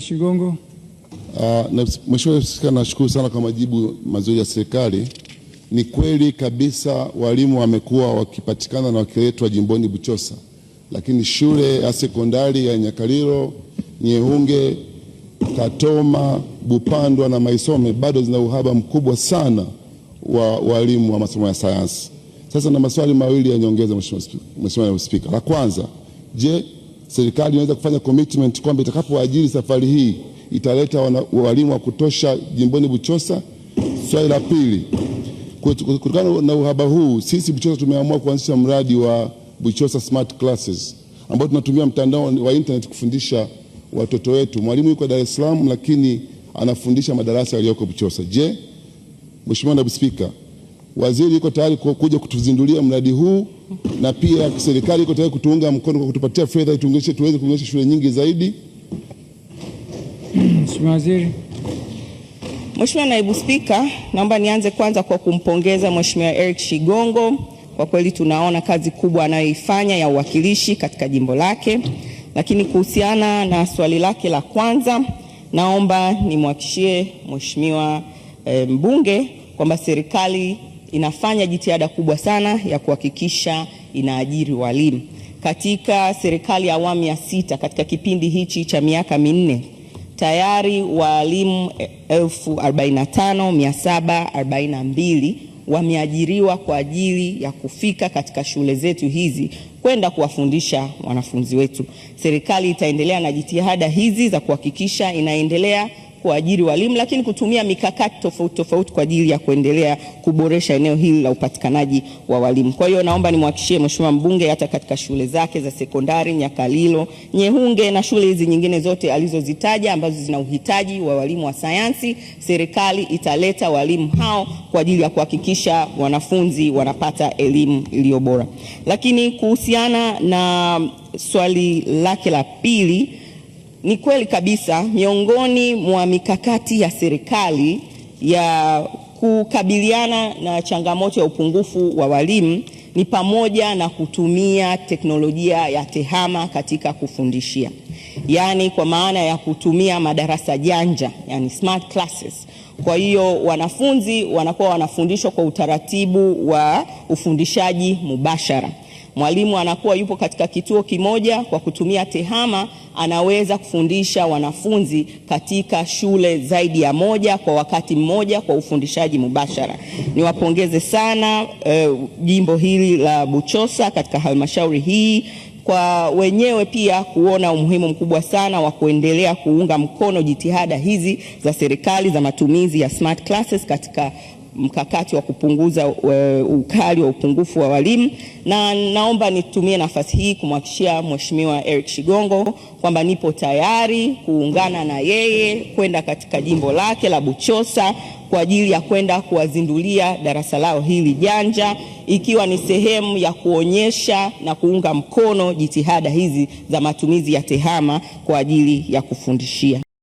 Shigongo. Uh, Mheshimiwa Spika, nashukuru sana kwa majibu mazuri ya serikali. Ni kweli kabisa walimu wamekuwa wakipatikana na wakiletwa jimboni Buchosa, lakini shule ya sekondari ya Nyakariro, Nyehunge, Katoma, Bupandwa na Maisome bado zina uhaba mkubwa sana wa walimu wa masomo ya sayansi. Sasa na maswali mawili ya nyongeza, Mheshimiwa Spika. La kwanza, je, serikali inaweza kufanya commitment kwamba itakapoajiri safari hii italeta walimu wa kutosha jimboni Buchosa. Swali la pili, kutokana na uhaba huu, sisi Buchosa tumeamua kuanzisha mradi wa Buchosa Smart Classes ambao tunatumia mtandao wa internet kufundisha watoto wetu. Mwalimu yuko Dar es Salaam, lakini anafundisha madarasa yaliyoko Buchosa. Je, Mheshimiwa Naibu Spika, Waziri yuko tayari kuja kutuzindulia mradi huu na pia serikali iko tayari kutuunga mkono kwa kutupatia fedha tuweze kuunganisha shule nyingi zaidi. Hmm, Mheshimiwa Waziri. Mheshimiwa Naibu Spika, naomba nianze kwanza kwa kumpongeza Mheshimiwa Eric Shigongo. Kwa kweli tunaona kazi kubwa anayoifanya ya uwakilishi katika jimbo lake, lakini kuhusiana na swali lake la kwanza, naomba nimwakishie Mheshimiwa e, mbunge kwamba serikali inafanya jitihada kubwa sana ya kuhakikisha inaajiri walimu. Katika serikali ya awamu ya sita, katika kipindi hichi cha miaka minne tayari walimu 45742 wameajiriwa kwa ajili ya kufika katika shule zetu hizi kwenda kuwafundisha wanafunzi wetu. Serikali itaendelea na jitihada hizi za kuhakikisha inaendelea kuajiri walimu, lakini kutumia mikakati tofauti tofauti kwa ajili ya kuendelea kuboresha eneo hili la upatikanaji wa walimu. Kwa hiyo naomba nimhakikishie Mheshimiwa mbunge hata katika shule zake za sekondari Nyakalilo, Nyehunge na shule hizi nyingine zote alizozitaja ambazo zina uhitaji wa walimu wa sayansi, serikali italeta walimu hao kwa ajili ya kuhakikisha wanafunzi wanapata elimu iliyo bora. Lakini kuhusiana na swali lake la pili ni kweli kabisa, miongoni mwa mikakati ya serikali ya kukabiliana na changamoto ya upungufu wa walimu ni pamoja na kutumia teknolojia ya TEHAMA katika kufundishia, yaani kwa maana ya kutumia madarasa janja, yani smart classes. Kwa hiyo wanafunzi wanakuwa wanafundishwa kwa utaratibu wa ufundishaji mubashara. Mwalimu anakuwa yupo katika kituo kimoja kwa kutumia TEHAMA anaweza kufundisha wanafunzi katika shule zaidi ya moja kwa wakati mmoja kwa ufundishaji mubashara. Niwapongeze sana eh, jimbo hili la Buchosa katika halmashauri hii kwa wenyewe pia kuona umuhimu mkubwa sana wa kuendelea kuunga mkono jitihada hizi za serikali za matumizi ya smart classes katika mkakati wa kupunguza eh, ukali wa upungufu wa walimu, na naomba nitumie nafasi hii kumhakikishia Mheshimiwa Eric Shigongo kwamba nipo tayari kuungana na yeye kwenda katika jimbo lake la Buchosa kwa ajili ya kwenda kuwazindulia darasa lao hili janja, ikiwa ni sehemu ya kuonyesha na kuunga mkono jitihada hizi za matumizi ya TEHAMA kwa ajili ya kufundishia.